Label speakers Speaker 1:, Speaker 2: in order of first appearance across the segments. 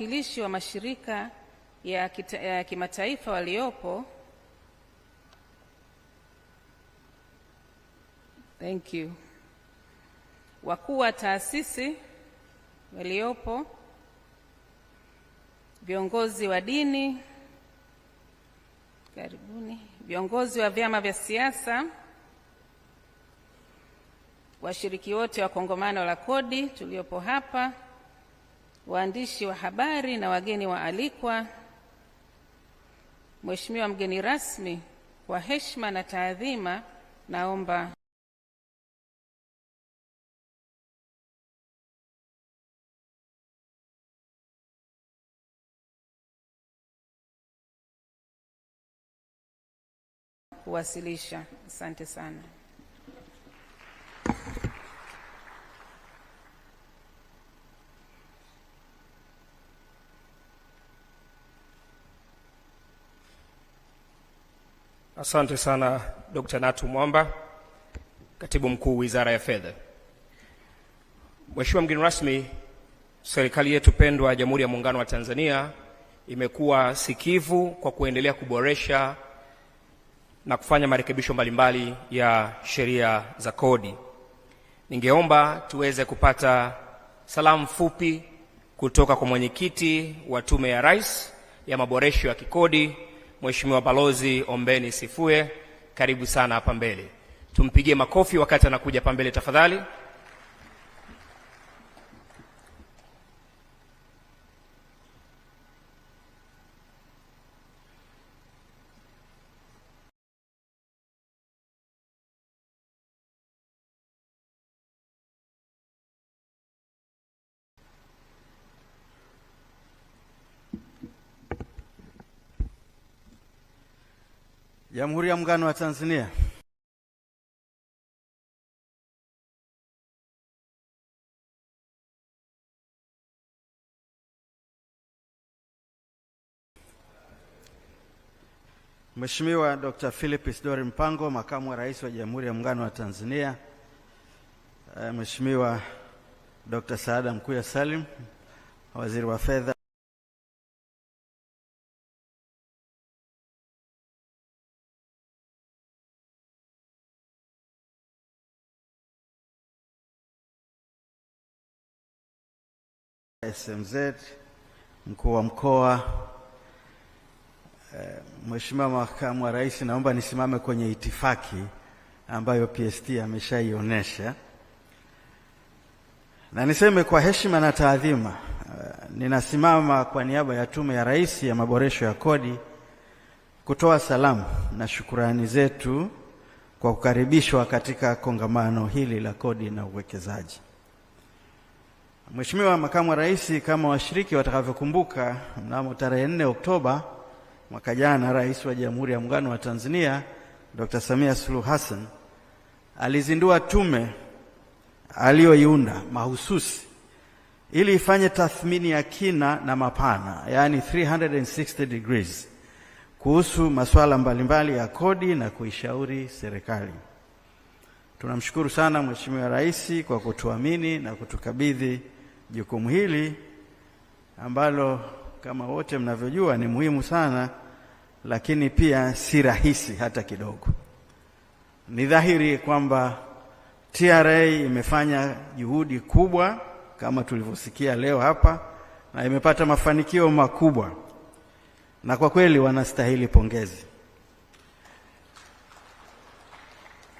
Speaker 1: wawakilishi wa mashirika ya, ya kimataifa waliopo Thank you. Wakuu wa taasisi waliopo, viongozi wa dini, karibuni, viongozi wa vyama vya siasa, washiriki wote wa kongamano la kodi tuliopo hapa waandishi wa habari na wageni waalikwa, Mheshimiwa mgeni rasmi, kwa heshima na taadhima, naomba kuwasilisha.
Speaker 2: Asante sana. Asante sana Dr. Natu Mwamba, Katibu Mkuu Wizara ya Fedha. Mheshimiwa mgeni rasmi, serikali yetu pendwa ya Jamhuri ya Muungano wa Tanzania imekuwa sikivu kwa kuendelea kuboresha na kufanya marekebisho mbalimbali ya sheria za kodi. Ningeomba tuweze kupata salamu fupi kutoka kwa mwenyekiti wa Tume ya Rais ya maboresho ya kikodi Mheshimiwa Balozi Ombeni Sifue, karibu sana hapa mbele. Tumpigie makofi wakati anakuja hapa mbele tafadhali.
Speaker 3: Jamhuri ya Muungano wa Tanzania. Mheshimiwa Dr. Philip Isdori Mpango, Makamu wa Rais wa Jamhuri ya Muungano wa Tanzania. Eh, Mheshimiwa Dr. Saada Mkuya Salim, Waziri wa Fedha. SMZ, mkuu wa mkoa, eh, Mheshimiwa makamu wa rais, naomba nisimame kwenye itifaki ambayo PST ameshaionyesha na niseme kwa heshima na taadhima, eh, ninasimama kwa niaba ya Tume ya Rais ya Maboresho ya Kodi kutoa salamu na shukurani zetu kwa kukaribishwa katika kongamano hili la kodi na uwekezaji. Mheshimiwa Makamu wa Rais, kama washiriki watakavyokumbuka, mnamo tarehe 4 Oktoba mwaka jana, Rais wa Jamhuri ya Muungano wa Tanzania Dr. Samia Suluhu Hassan alizindua tume aliyoiunda mahususi ili ifanye tathmini ya kina na mapana, yaani 360 degrees kuhusu masuala mbalimbali ya kodi na kuishauri serikali. Tunamshukuru sana Mheshimiwa Rais kwa kutuamini na kutukabidhi jukumu hili ambalo kama wote mnavyojua ni muhimu sana, lakini pia si rahisi hata kidogo. Ni dhahiri kwamba TRA imefanya juhudi kubwa kama tulivyosikia leo hapa na imepata mafanikio makubwa, na kwa kweli wanastahili pongezi,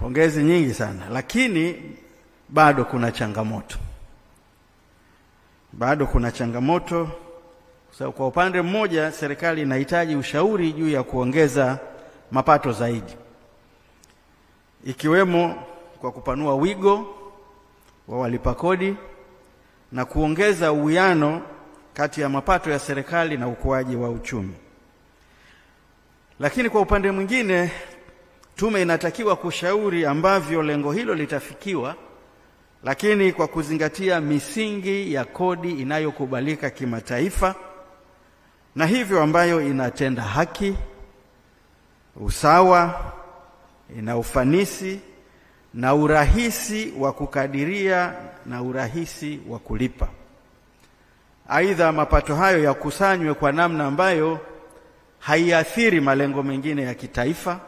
Speaker 3: pongezi nyingi sana, lakini bado kuna changamoto bado kuna changamoto so, kwa upande mmoja serikali inahitaji ushauri juu ya kuongeza mapato zaidi ikiwemo kwa kupanua wigo wa walipa kodi na kuongeza uwiano kati ya mapato ya serikali na ukuaji wa uchumi. Lakini kwa upande mwingine, tume inatakiwa kushauri ambavyo lengo hilo litafikiwa lakini kwa kuzingatia misingi ya kodi inayokubalika kimataifa na hivyo ambayo inatenda haki, usawa, ina ufanisi na urahisi wa kukadiria na urahisi wa kulipa. Aidha, mapato hayo yakusanywe kwa namna ambayo haiathiri malengo mengine ya kitaifa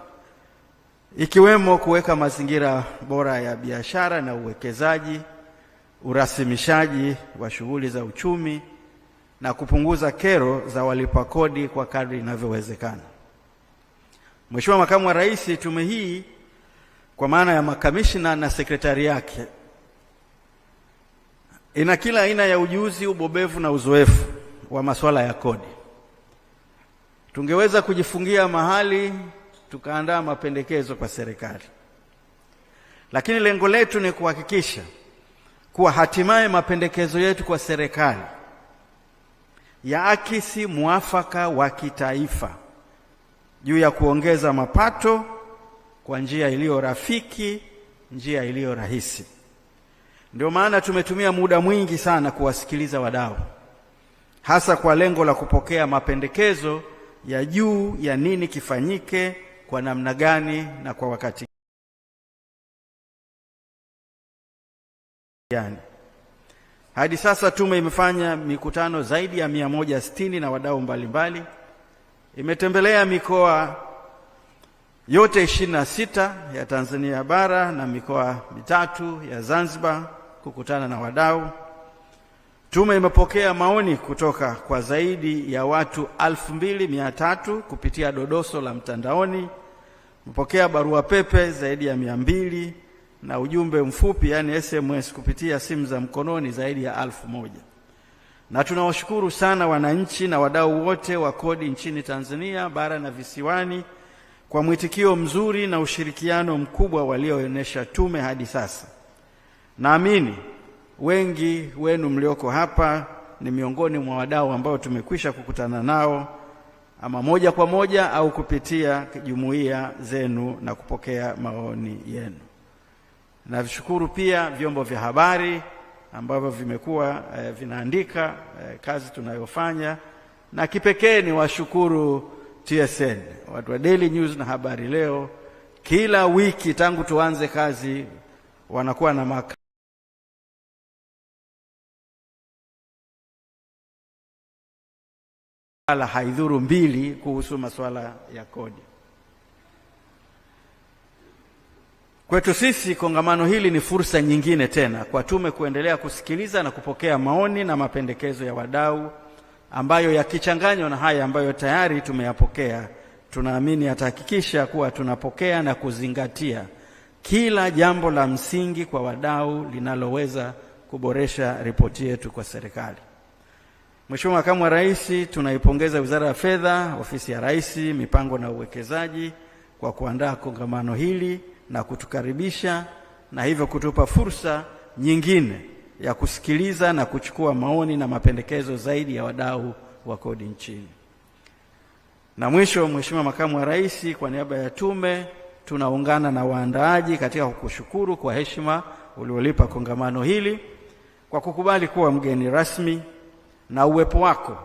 Speaker 3: ikiwemo kuweka mazingira bora ya biashara na uwekezaji, urasimishaji wa shughuli za uchumi na kupunguza kero za walipa kodi kwa kadri inavyowezekana. Mheshimiwa Makamu wa Rais, tume hii kwa maana ya makamishna na sekretari yake ina kila aina ya ujuzi, ubobevu na uzoefu wa masuala ya kodi. Tungeweza kujifungia mahali tukaandaa mapendekezo kwa serikali, lakini lengo letu ni kuhakikisha kuwa hatimaye mapendekezo yetu kwa serikali yaakisi mwafaka wa kitaifa juu ya kuongeza mapato kwa njia iliyo rafiki, njia iliyo rahisi. Ndio maana tumetumia muda mwingi sana kuwasikiliza wadau, hasa kwa lengo la kupokea mapendekezo ya juu ya nini kifanyike kwa namna gani na kwa wakati gani. Hadi sasa tume imefanya mikutano zaidi ya 160 na wadau mbalimbali, imetembelea mikoa yote 26 ya Tanzania bara na mikoa mitatu ya Zanzibar kukutana na wadau Tume imepokea maoni kutoka kwa zaidi ya watu 2300 kupitia dodoso la mtandaoni. mpokea barua pepe zaidi ya 200 na ujumbe mfupi yani SMS kupitia simu za mkononi zaidi ya alfu moja na tunawashukuru sana wananchi na wadau wote wa kodi nchini Tanzania bara na visiwani kwa mwitikio mzuri na ushirikiano mkubwa walioonyesha tume hadi sasa. Naamini wengi wenu mlioko hapa ni miongoni mwa wadau ambao tumekwisha kukutana nao ama moja kwa moja au kupitia jumuiya zenu na kupokea maoni yenu. nashukuru pia vyombo vya habari ambavyo vimekuwa eh, vinaandika eh, kazi tunayofanya, na kipekee ni washukuru TSN, watu wa Daily News na Habari Leo, kila wiki tangu tuanze kazi wanakuwa na maka wala haidhuru mbili kuhusu masuala ya kodi. Kwetu sisi kongamano hili ni fursa nyingine tena kwa tume kuendelea kusikiliza na kupokea maoni na mapendekezo ya wadau ambayo yakichanganywa na haya ambayo tayari tumeyapokea, tunaamini yatahakikisha kuwa tunapokea na kuzingatia kila jambo la msingi kwa wadau linaloweza kuboresha ripoti yetu kwa serikali. Mheshimiwa Makamu wa Rais, tunaipongeza Wizara ya Fedha, Ofisi ya Rais, Mipango na Uwekezaji kwa kuandaa kongamano hili na kutukaribisha na hivyo kutupa fursa nyingine ya kusikiliza na kuchukua maoni na mapendekezo zaidi ya wadau wa kodi nchini. Na mwisho, Mheshimiwa Makamu wa Rais, kwa niaba ya tume tunaungana na waandaaji katika kukushukuru kwa heshima uliolipa kongamano hili kwa kukubali kuwa mgeni rasmi na uwepo wako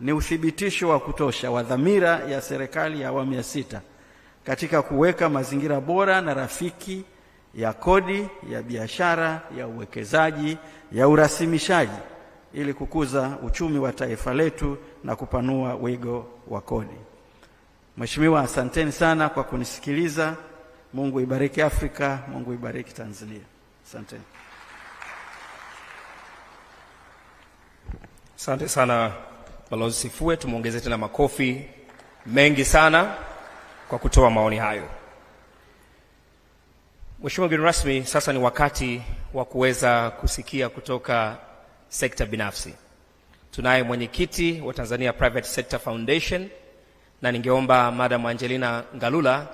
Speaker 3: ni uthibitisho wa kutosha wa dhamira ya serikali ya awamu ya sita katika kuweka mazingira bora na rafiki ya kodi ya biashara, ya uwekezaji, ya urasimishaji ili kukuza uchumi wa taifa letu na kupanua wigo wa kodi. Mheshimiwa, asanteni sana kwa kunisikiliza. Mungu ibariki Afrika, Mungu ibariki Tanzania. Asanteni.
Speaker 2: Asante sana Balozi Sifue, tumeongeze tena makofi mengi sana kwa kutoa maoni hayo. Mheshimiwa mgeni rasmi, sasa ni wakati wa kuweza kusikia kutoka sekta binafsi. Tunaye mwenyekiti wa Tanzania Private Sector Foundation na ningeomba Madam Angelina Ngalula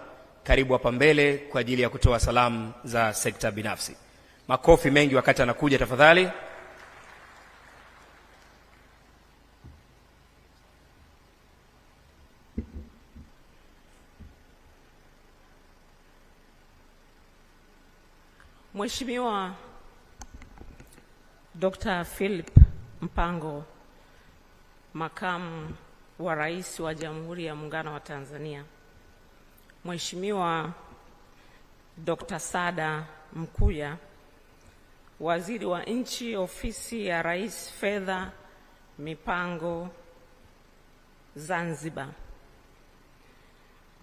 Speaker 2: karibu hapa mbele kwa ajili ya kutoa salamu za sekta binafsi. Makofi mengi wakati anakuja tafadhali.
Speaker 4: Mheshimiwa Dr. Philip Mpango, Makamu wa Rais wa Jamhuri ya Muungano wa Tanzania. Mheshimiwa Dr. sada Mkuya, Waziri wa Nchi, Ofisi ya Rais, Fedha, Mipango, Zanzibar.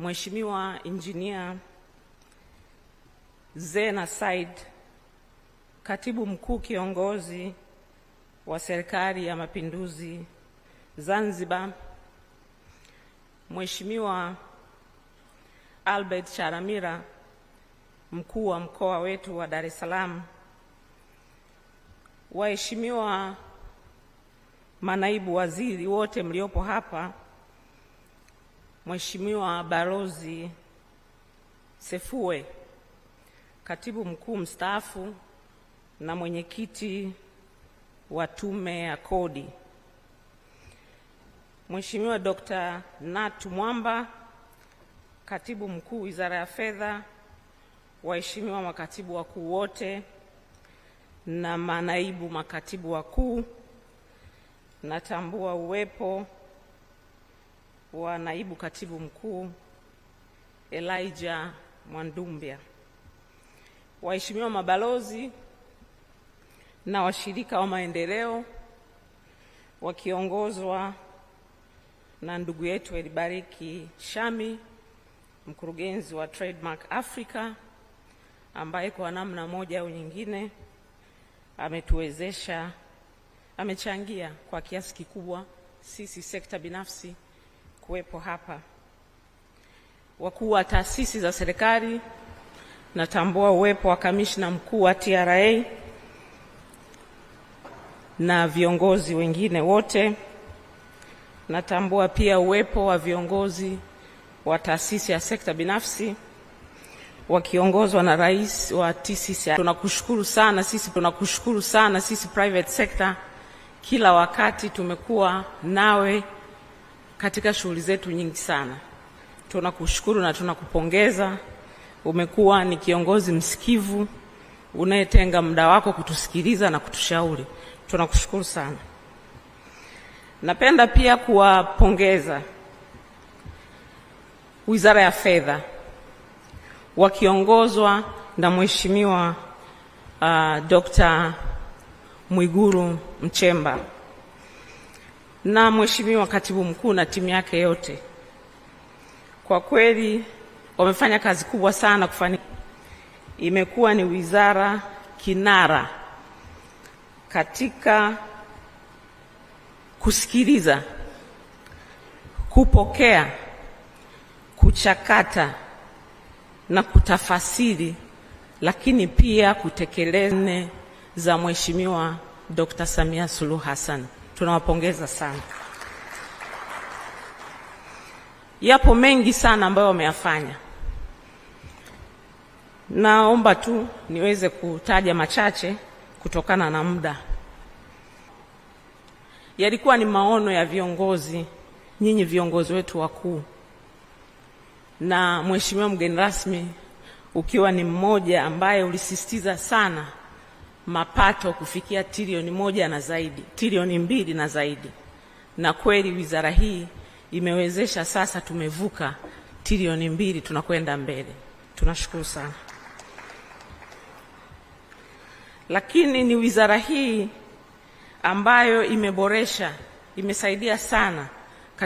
Speaker 4: Mheshimiwa Injinia Zena Said, Katibu Mkuu Kiongozi wa Serikali ya Mapinduzi Zanzibar, Mheshimiwa Albert Charamira, Mkuu wa Mkoa wetu wa Dar es Salaam, waheshimiwa manaibu waziri wote mliopo hapa Mheshimiwa Balozi Sefue, Katibu Mkuu mstaafu na mwenyekiti wa Tume ya Kodi, Mheshimiwa Dr. Natu Mwamba, Katibu Mkuu Wizara ya Fedha, waheshimiwa makatibu wakuu wote na manaibu makatibu wakuu, natambua uwepo wa naibu katibu mkuu Elijah Mwandumbia, waheshimiwa mabalozi na washirika wa maendeleo wakiongozwa na ndugu yetu Elibariki Shami, mkurugenzi wa Trademark Africa, ambaye kwa namna moja au nyingine ametuwezesha, amechangia kwa kiasi kikubwa sisi sekta binafsi kuwepo hapa, wakuu wa taasisi za serikali, natambua uwepo wa kamishna mkuu wa TRA na viongozi wengine wote. Natambua pia uwepo wa viongozi wa taasisi ya sekta binafsi wakiongozwa na rais wa TCC. Tunakushukuru sana sisi, tunakushukuru sana sisi private sector, kila wakati tumekuwa nawe katika shughuli zetu nyingi sana. Tunakushukuru na tunakupongeza. Umekuwa ni kiongozi msikivu unayetenga muda wako kutusikiliza na kutushauri. Tunakushukuru sana. Napenda pia kuwapongeza Wizara ya Fedha wakiongozwa na Mheshimiwa uh, Dr. Mwiguru mchemba na Mheshimiwa Katibu Mkuu na timu yake yote, kwa kweli wamefanya kazi kubwa sana kufani. Imekuwa ni wizara kinara katika kusikiliza, kupokea, kuchakata na kutafasiri, lakini pia kutekeleza za Mheshimiwa Dr. Samia Suluhu Hassan tunawapongeza sana. Yapo mengi sana ambayo wameyafanya, naomba tu niweze kutaja machache kutokana na muda. Yalikuwa ni maono ya viongozi, nyinyi viongozi wetu wakuu, na mheshimiwa mgeni rasmi ukiwa ni mmoja ambaye ulisisitiza sana mapato kufikia trilioni moja na zaidi, trilioni mbili na zaidi, na kweli wizara hii imewezesha sasa, tumevuka trilioni mbili, tunakwenda mbele. Tunashukuru sana, lakini ni wizara hii ambayo imeboresha, imesaidia sana